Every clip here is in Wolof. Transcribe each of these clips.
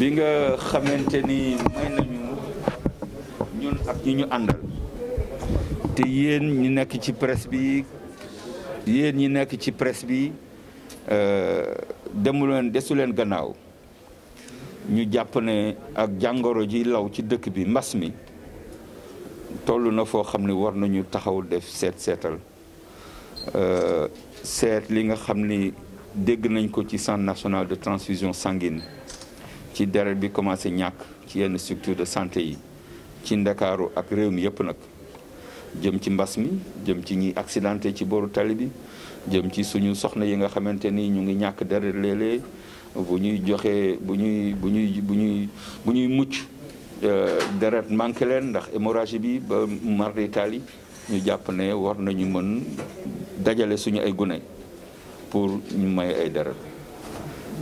bi nga xamante ni may nañu ñun ak ñi ñu àndal te yéen ñu nekk ci press bi yéen ñi nekk ci presse bi euh, demu leen desu leen gannaaw ñu jàpp ne ak jàngoro ji law ci dëkk bi mbas mi toll na foo xam ne war nañu taxaw def seet seetal euh, seet li nga xam ni dégg nañ ko ci centre national de transfusion sanguine ci deret bi commencé ñàkk ci yenn structure de santé yi ci ndakaaru ak réew mi yëpp nag jëm ci mbas mi jëm ci ñi accidenté ci booru tali bi jëm ci suñu soxna yi nga xamante ni ñu ngi ñàkk deret léeg-léeg bu ñuy joxee bu ñuy bu ñuy bu ñuy bu ñuy mucc euh, deret manqué leen ndax hémorragie bi ba mar d'Italie ñu jàpp ne war nañu mën dajale suñu ay gune pour ñu may ay deret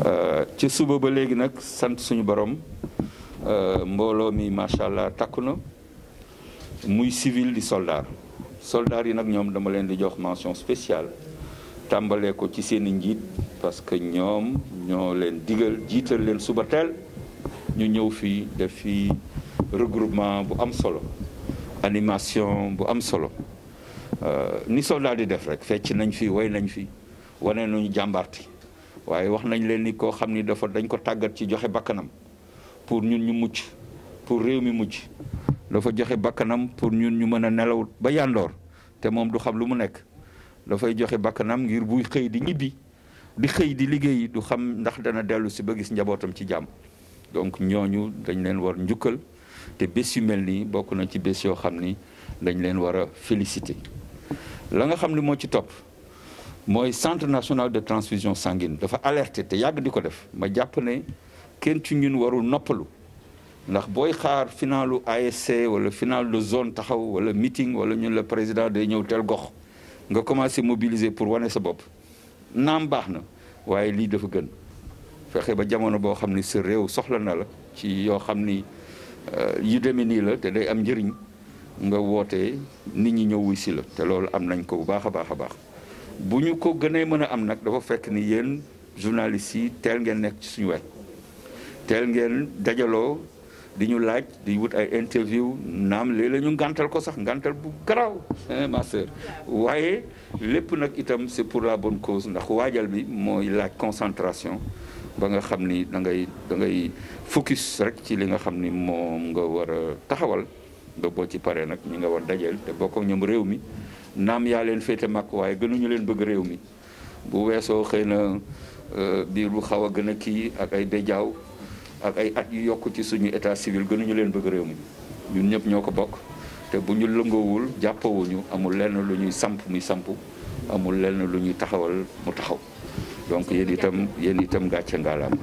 Euh, ci suba ba léegi nag sant suñu borom euh, mbooloo mi macha allah takku na muy civil di soldaar soldaar yi nag ñoom dama leen di jox mention spéciale tàmbalee ko ci seen i njiit parce que ñoom ñoo leen digal jiital leen suba teel ñu ñëw fii def fii regroupement bu am solo animation bu am solo euh, ni soldat di def rek fecc nañ fi way nañ fii wane nañu jàmbaarti waaye wax nañ leen ni koo xam ni dafa dañ ko tàggat ci joxe bakkanam pour ñun ñu mucc pour réew mi mucc dafa joxe bakkanam pour ñun ñu mën a nelaw ba yàndoor te moom du xam lu mu nekk dafay joxe bakkanam ngir buy xëy di ñibbi di xëy di liggéey du xam ndax dana dellu si ba gis njabootam ci jàmm donc ñooñu dañ leen war njukkal te bés yu mel nii bokk na ci bés yoo xam ni dañ leen war a féliciter la nga xam ni moo ci topp moy centre national de transfusion sanguine dafa alerté te yàgg di ko def ma japp né kenn ci ñun warul noppalu ndax boy xaar finalu ASC wala final de zone taxaw wala meeting wala ñun le président day ñew tel gox nga commencé mobiliser pour wane sa bop naam baax waye li lii dafa gën fexé ba jamono bo xamni ni sa réew soxla na la ci yo xamni euh, yu demee nii la té day am njëriñ nga woté nit ñi ñëw wuy si la te loolu am nañ ko bu baaxa baaxa baax baax bu ñu ko gënee mën a am nag dafa fekk ni yéen journalistes yi teel ngeen nekk ci suñu wet teel ngeen dajaloo di ñu laaj di wut ay interview naam léeg-léeg ñu ngàntal ko sax ngàntal bu garaw ma sœur waaye lépp nag itam c'est pour la bonne cause ndax waajal bi mooy laaj concentration ba nga xam ni dangay dangay da ngay focus rek ci li nga xam ni moom nga war a taxawal nga boo ci paree nag ñi nga war dajeel te bokk ñoom réew mi naam yaa leen féete mag waaye gënuñu leen bëgg réew mi bu weesoo xëy na euh, biir bu xaw a gën a kii ak ay béjaaw ak ay at yu yokk ci suñu état civil gënuñu leen bëgg réew mi ñun ñëpp ñoo ko bokk te bu ñu lëngoowul jàppawuñu amul lenn lu ñuy samp muy samp amul lenn lu ñuy taxawal mu taxaw donc yéen itam yéen itam gàcce ngaalaam